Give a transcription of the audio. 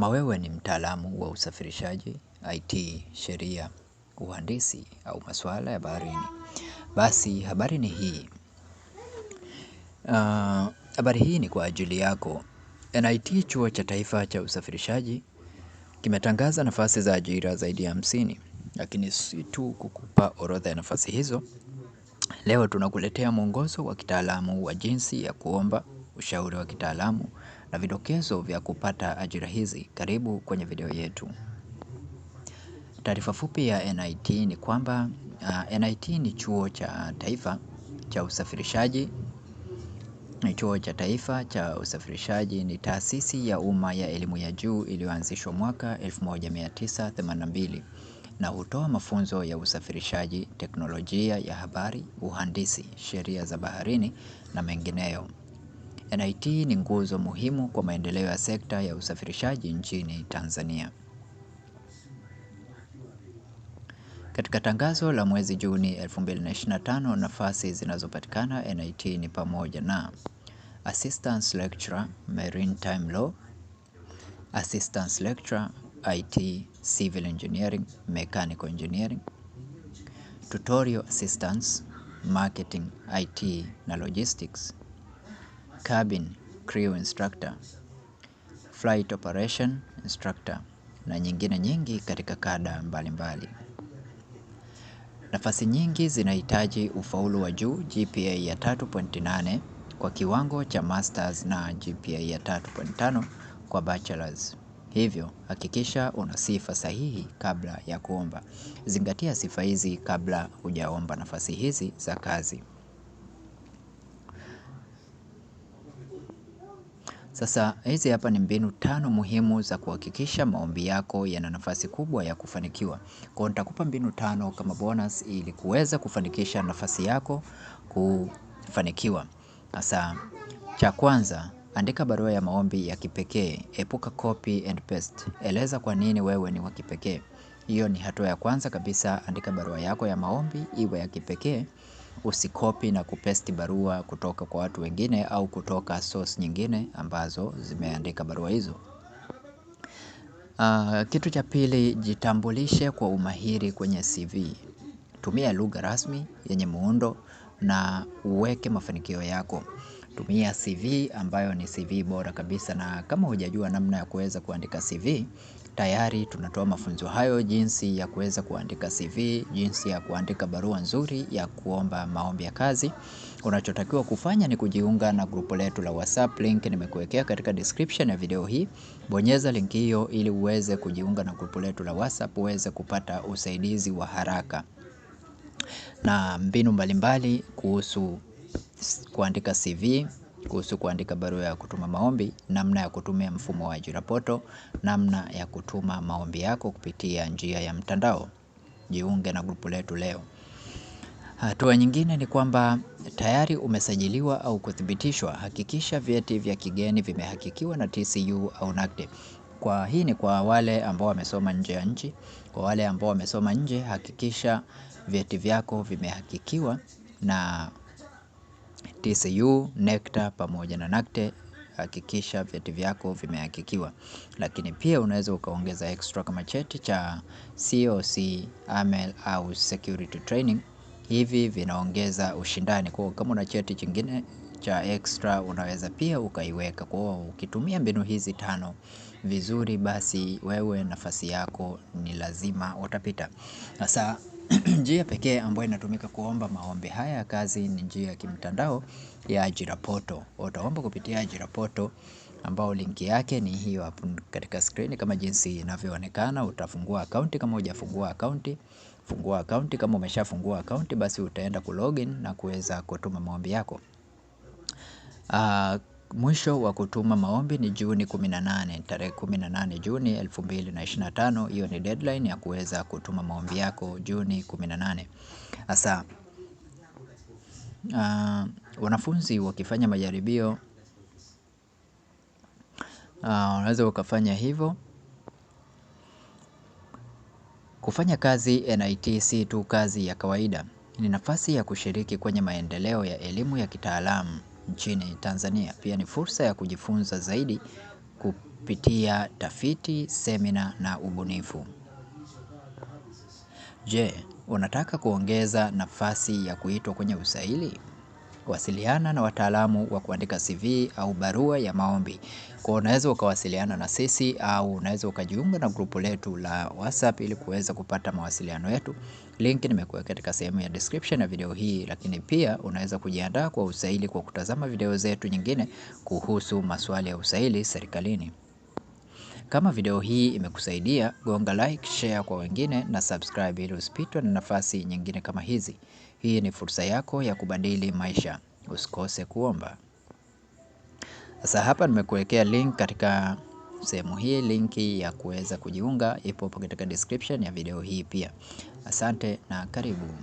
Kama wewe ni mtaalamu wa usafirishaji, IT, sheria, uhandisi au maswala ya baharini. Basi habari ni hii. Ah, habari hii ni kwa ajili yako. NIT chuo cha taifa cha usafirishaji kimetangaza nafasi za ajira zaidi ya hamsini. Lakini si tu kukupa orodha ya nafasi hizo. Leo tunakuletea mwongozo wa kitaalamu wa jinsi ya kuomba ushauri wa kitaalamu na vidokezo vya kupata ajira hizi. Karibu kwenye video yetu. Taarifa fupi ya NIT ni kwamba uh, NIT ni chuo cha taifa cha usafirishaji Chuo cha Taifa cha Usafirishaji ni taasisi ya umma ya elimu ya juu iliyoanzishwa mwaka 1982 na hutoa mafunzo ya usafirishaji, teknolojia ya habari, uhandisi, sheria za baharini na mengineyo. NIT ni nguzo muhimu kwa maendeleo ya sekta ya usafirishaji nchini Tanzania. Katika tangazo la mwezi Juni 2025, nafasi zinazopatikana NIT ni pamoja na Assistant Lecturer Maritime Law, Assistant Lecturer IT Civil Engineering, Mechanical Engineering, Tutorial Assistance, Marketing, IT na Logistics, cabin crew instructor, flight operation instructor na nyingine nyingi katika kada mbalimbali. Nafasi nyingi zinahitaji ufaulu wa juu GPA ya 3.8 kwa kiwango cha masters na GPA ya 3.5 kwa bachelors. Hivyo hakikisha una sifa sahihi kabla ya kuomba. Zingatia sifa hizi kabla hujaomba nafasi hizi za kazi. Sasa hizi hapa ni mbinu tano muhimu za kuhakikisha maombi yako yana nafasi kubwa ya kufanikiwa. Kwa nitakupa mbinu tano kama bonus ili kuweza kufanikisha nafasi yako kufanikiwa. Sasa cha kwanza, andika barua ya maombi ya kipekee, epuka copy and paste. Eleza kwa nini wewe ni wa kipekee. Hiyo ni hatua ya kwanza kabisa, andika barua yako ya maombi iwe ya kipekee usikopi na kupesti barua kutoka kwa watu wengine au kutoka source nyingine ambazo zimeandika barua hizo. Ah, kitu cha pili, jitambulishe kwa umahiri kwenye CV. Tumia lugha rasmi yenye muundo na uweke mafanikio yako kutumia CV ambayo ni CV bora kabisa na kama hujajua namna ya kuweza kuandika CV tayari tunatoa mafunzo hayo jinsi ya kuweza kuandika CV, jinsi ya kuandika barua nzuri ya kuomba maombi ya kazi. Unachotakiwa kufanya ni kujiunga na grupu letu la WhatsApp, link nimekuwekea katika description ya video hii. Bonyeza link hiyo ili uweze kujiunga na grupu letu la WhatsApp, uweze kupata usaidizi wa haraka na mbinu mbalimbali kuhusu kuandika CV, kuhusu kuandika barua ya kutuma maombi, namna ya kutumia mfumo wa ajira poto, namna ya kutuma maombi yako kupitia njia ya mtandao. Jiunge na grupu letu leo. Hatua nyingine ni kwamba tayari umesajiliwa au kuthibitishwa, hakikisha vyeti vya kigeni vimehakikiwa na TCU au NACTE. Kwa hii ni kwa wale ambao wamesoma nje ya nchi. Kwa wale ambao wamesoma nje, hakikisha vyeti vyako vimehakikiwa na TCU, NECTA pamoja na NACTE. Hakikisha vyeti vyako vimehakikiwa, lakini pia unaweza ukaongeza extra kama cheti cha COC, AML au security training. Hivi vinaongeza ushindani kwao. Kama una cheti chingine cha extra unaweza pia ukaiweka kwao. Ukitumia mbinu hizi tano vizuri, basi wewe nafasi yako ni lazima utapita. Sasa njia pekee ambayo inatumika kuomba maombi haya ya kazi ni njia ya kimtandao ya ajira poto Utaomba kupitia ajira poto ambao linki yake ni hiyo hapo katika skrini kama jinsi inavyoonekana. Utafungua akaunti kama hujafungua akaunti, fungua akaunti kama umeshafungua akaunti basi utaenda kulogin na kuweza kutuma maombi yako. Ah, mwisho wa kutuma maombi ni Juni 18, tarehe 18 Juni 2025. Hiyo ni deadline ya kuweza kutuma maombi yako Juni 18. Hasa uh, wanafunzi wakifanya majaribio ah, unaweza ukafanya hivyo. Kufanya kazi NIT si tu kazi ya kawaida, ni nafasi ya kushiriki kwenye maendeleo ya elimu ya kitaalamu nchini Tanzania. Pia ni fursa ya kujifunza zaidi kupitia tafiti, semina na ubunifu. Je, unataka kuongeza nafasi ya kuitwa kwenye usaili? wasiliana na wataalamu wa kuandika CV au barua ya maombi. Kwa unaweza ukawasiliana na sisi au unaweza ukajiunga na grupu letu la WhatsApp ili kuweza kupata mawasiliano yetu. Link nimekuweka katika sehemu ya description ya video hii lakini pia unaweza kujiandaa kwa usaili kwa kutazama video zetu nyingine kuhusu masuala ya usaili serikalini. Kama video hii imekusaidia, gonga like, share kwa wengine na subscribe ili usipitwe na nafasi nyingine kama hizi. Hii ni fursa yako ya kubadili maisha. Usikose kuomba. Sasa hapa nimekuwekea link katika sehemu hii, linki ya kuweza kujiunga ipo hapo katika description ya video hii pia. Asante na karibu.